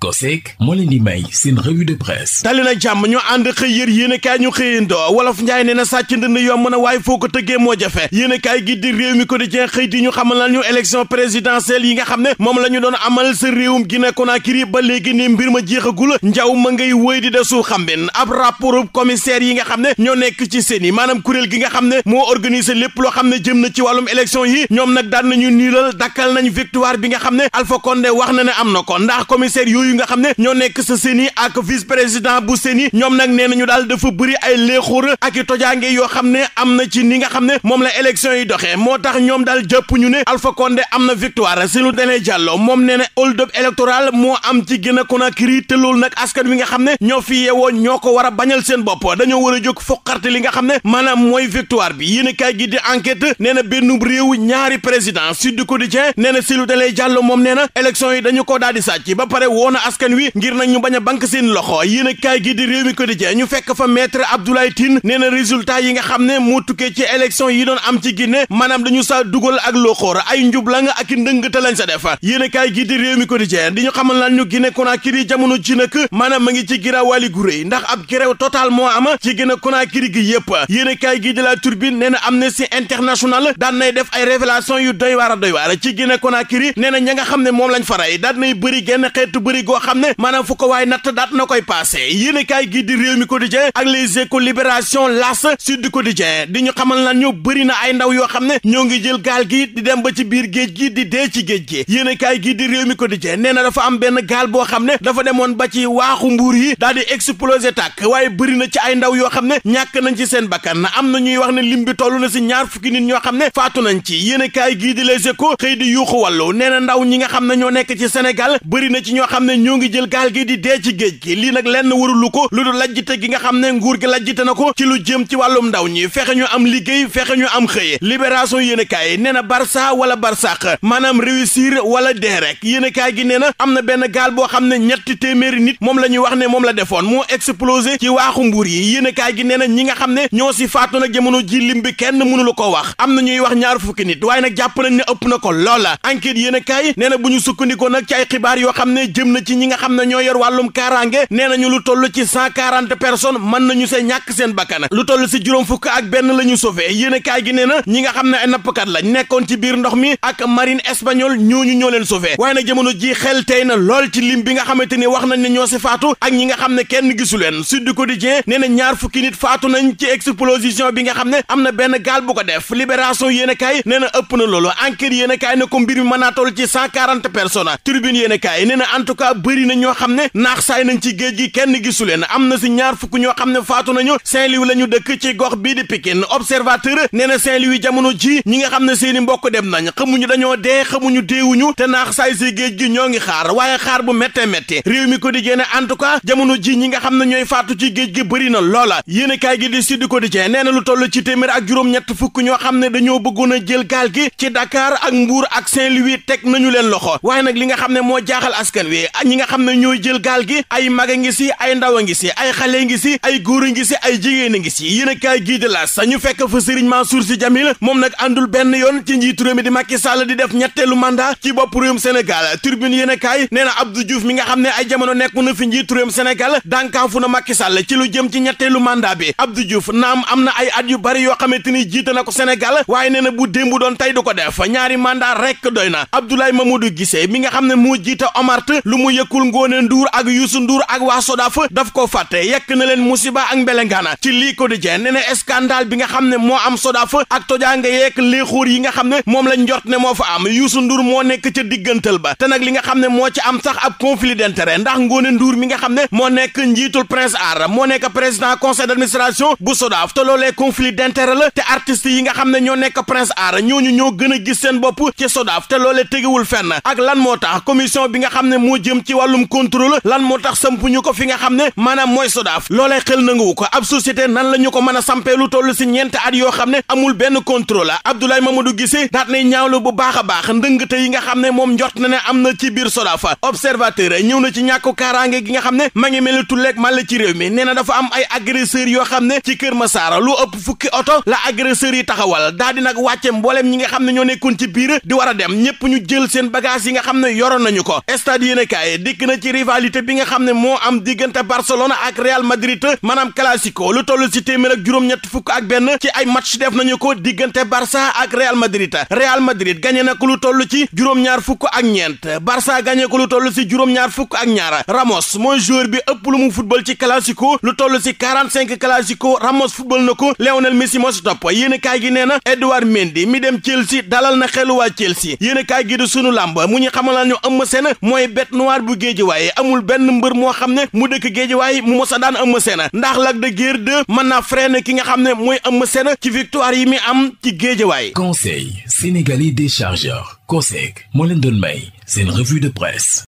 COSEC moo leen di may seen revue de presse tali na jàmm ñu ànd xëy yër yéenekaay ñu xëyandoo wolof njaay nee na sàcc ndënd yomb na waaye foo ko tëggee moo jafe yéenekaay gi di réew mi quotidien xëy di ñu xamal nañu élection présidentielle yi nga xam ne moom la doon amal sa réewum Guinée Conakry ba léegi ni mbir ma jeexagul njaw ma ngay wëy di xam xambin ab rapport commissaire yi nga xam ne ñoo nekk ci seen yi maanaam kuréel gi nga xam ne moo organiser lépp loo xam ne jëm na ci wàllum élection yi ñoom nag daan nañu niilal dakkal bi nga xam ne yu nga ne ñoo nekk sa CENI ak vice président bu CENI ñoom nag nee ñu daal dafa bëri ay léexuur ak i tojaange yoo xam ne am na ci ni nga xam ne moom la élection yi doxee moo tax ñoom daal jàpp ñu ne Alpha Condé am na victoire si lu denee jàllo moom nee na hold up électoral moo am ci Guinée Conakry te loolu nag askan wi nga xam ne ñoo fi yeewoo ñoo ko war a bañal seen bopp dañoo war a jóg foqarte li nga xam ne maanaam mooy victoire bi yéen a kaay gi di enquête nee na benn réew ñaari président Sud Quotidien nee na si lu denee jàllo moom nee na yi dañu ko na askan wi ngir nag ñu bañ a bank seen loxo yéen a kaay gi di réew mi quotidien ñu fekk fa maître Abdoulaye Tine nee na résultat yi nga xam ne moo tukkee ci élection yi doon am ci Guinée maanaam dañu sa dugal ak loxoor ay njublang ak ndëngte lañ sa def yéen a kaay gi di réew mi quotidien di ñu xamal lan ñu Guinée Conakry jamono ji nag maanaam ma ngi ci giraawaali gu réy ndax ab grève total moo am ci Guinée Conakry gi yépp yéen a kaay gi di la turbine nee na Amnesty International daan nay def ay révélation yu doy waar a doy waar ci Guinée Conakry nee na ña nga xam ne moom lañ faray bëri genn xeetu bëri goo xam ne maanaam fu ko waaye natt daat na koy passé yéen kaay gii di réew mi quotidien ak les échos libération las sud quotidien di ñu xamal na ñu bëri na ay ndaw yoo xam ne ñoo ngi jël gaal gi di dem ba ci biir géej gi di dee ci géej gi yéen gii di réew mi quotidien nee na dafa am benn gaal boo xam ne dafa demoon ba ci waaxu mbuur yi daal di explosé tàkk waaye bëri na ci ay ndaw yoo xam ne ñàkk nañ ci seen bakkan am na ñuy wax ne lim bi toll na si ñaar fukki nit ñoo xam ne faatu nañ ci yéen gii di les échos xëy di yuuxu wàllu nee na ndaw ñi nga xam ne ñoo nekk ci Sénégal na ci ñoo xam ne ñoo ngi jël gaal gi di dee ci géej gi lii nag lenn warulu ko lu du lajjite gi nga xam ne nguur gi lajjite na ko ci lu jëm ci wàllum ndaw ñi fexe ñu am liggéey fexe ñu am xëy libération yéenekaay nee na barça wala barsàq maanaam réussir wala dee rek yéenekaay gi nee na am na benn gaal boo xam ne ñetti téeméeri nit moom la ñuy wax ne moom la defoon moo explosé ci waaxu mbuur yi yéenekaay gi nee na ñi nga xam ne ñoo si faatu nag jamono ji lim bi kenn mënu la ko wax am na ñuy wax ñaar fukki nit waaye nag jàpp nañ ne ëpp na ko loola enquête yéenekaay nee na bu ñu sukkandikoo nag ci yoo xam ne jëm na ci ñi nga xam ne ñoo yor wàllum kaaraange nee nañu lu toll ci cent quarante personnes mën nañu see ñàkk seen bakkana lu toll si juróom fukk ak benn la ñu sauvé yéene kaay gi nee na ñi nga xam ne ay nappkat la nekkoon ci biir ndox mi ak marine espagnole ñu ñoo leen sauvé waaye na jamono ji xel tey na lool ci lim bi nga xamante ni wax nañ ne ñoo si faatu ak ñi nga xam ne kenn gisu leen Sud Quotidien nee na ñaar fukki nit faatu nañ ci explosion bi nga xam ne am na benn gaal bu ko def libération yéene kaay nee na ëpp na loolu enquête yéene kaay ne ko mbir ci cent quarante personnes tribune yéene kaay en tout cas bëri na ñoo xam ne naax saay nañ ci géej gi kenn gisu leen am na si ñaar fukk ñoo xam ne faatu nañu Saint-Louis la ñu dëkk ci gox bii di Pikine observateur nee na Saint-Louis jamono ji ñi nga xam ne seeni mbokk dem nañ xamuñu dañoo dee xamuñu deewuñu te naax saay si géej gi ñoo ngi xaar waaye xaar bu méttee méttee réew mi ko di génne en tout cas jamono ji ñi nga xam ne ñooy faatu ci géej gi bëri na loola yéen kaay gi di Sud Quotidien nee na lu toll ci téeméer ak juróom fukk ñoo xam ne dañoo bëggoon a jël gaal gi ci Dakar ak Mbour ak Saint-Louis teg nañu leen loxo waaye nag li nga xam ne moo jaaxal askan wi ñi nga xam ne ñooy jël gaal gi ay mag a ngi si ay ndaw a ngi si ay xale ngi si ay góor a ngi si ay jigéen a ngi si yéen a kaay gii ñu fekk fa Serigne Mansour si Djamil moom nag àndul benn yoon ci njiitu réew mi di Macky Sall di def ñetteelu mandat ci bopp réewum Sénégal Tribune yéen a nee na Abdou Diouf mi nga xam ne ay jamono nekku na fi njiitu réewum Sénégal dànkaafu na Macky Sall ci lu jëm ci ñetteelu mandat bi Abdou Diouf naam am na ay at yu bari yoo xamante ni jiite na ko Sénégal waaye nee na bu démb doon tey du ko def ñaari mandat rek doy na Abdoulaye Mamadou Guissé mi nga xam ne moo jiite Omart lu yëkkul Ngoone Nduur ak Yuusu Nduur ak waa Sodaaf daf ko fàtte yekk na leen musiba ak mbelengaana ci lii quotidien nee na scandale bi nga xam ne moo am Sodaaf ak tojaanga yeek léexóor yi nga xam ne moom lañ njort ne moo fa am Yuusu Nduur moo nekk ca diggantal ba te nag li nga xam ne moo ci am sax ab conflit d'intérêt ndax Ngoone Nduur mi nga xam ne moo nekk njiitul Prince Art moo nekk président conseil d'administration bu Sodaaf te loolee conflit d'intérêt la te artistes yi nga xam ne ñoo nekk Prince Art ñooñu ñoo gën a gis seen bopp ci Sodaaf te loolee tegewul fenn ak lan moo tax bi nga xam ne jëm ci wàllum contrôle lan moo tax samp ñu ko fi nga xam ne maanaam mooy sodaaf loolee xel nanguwu ko ab société nan la ñu ko mën a sampee lu toll si ñeent at yoo xam ne amul benn contrôle Abdoulaye Mamadou Guissé daat nay ñaawlu bu baax a baax ndëngte yi nga xam ne moom njort na ne am na ci biir sodaaf observateur ñëw na ci ñàkku kaaraange gi nga xam ne ma ngi mel ni tulleeg màll ci réew mi nee na dafa am ay agresseurs yoo xam ne ci Kër saara lu ëpp fukki oto la agresseurs yi taxawal daal di nag wàcce mboolem ñi nga xam ne ñoo nekkoon di war a dem ñëpp ñu jël seen bagage yi nga xam ne yoroon nañu ko stade waaye dikk na ci rivalité bi nga xam ne moo am diggante Barcelona ak Real Madrid maanaam classico lu toll si téeméer ak juróom-ñett fukk ak benn ci ay match def nañu ko diggante Barça ak Real Madrid Real Madrid gagné na ko lu toll ci juróom-ñaar fukk ak ñeent Barça gagné ku lu toll si juróom-ñaar fukk ak ñaar Ramos mooy joueur bi ëpp lu mu football ci classico lu toll si 45 classico Ramos football na ko Lionel Messi moo si topp yéen kaay gi nee na Edouard Mendy mi dem Chelsea dalal na xelu waa Chelsea yéen kaay gi du sunu làmb mu ñu xamal Guinéar bu Géejawaay amul benn mbër moo xam ne mu dëkk Géejawaay mu mos a daan Eumeu Sène ndax Lac de Guiers 2 mën naa ki nga xam ne mooy Eumeu Sène ci victoire yi mi am ci Géejawaay Conseil sénégalais des chargeurs COSEC moo leen doon may seen revue de presse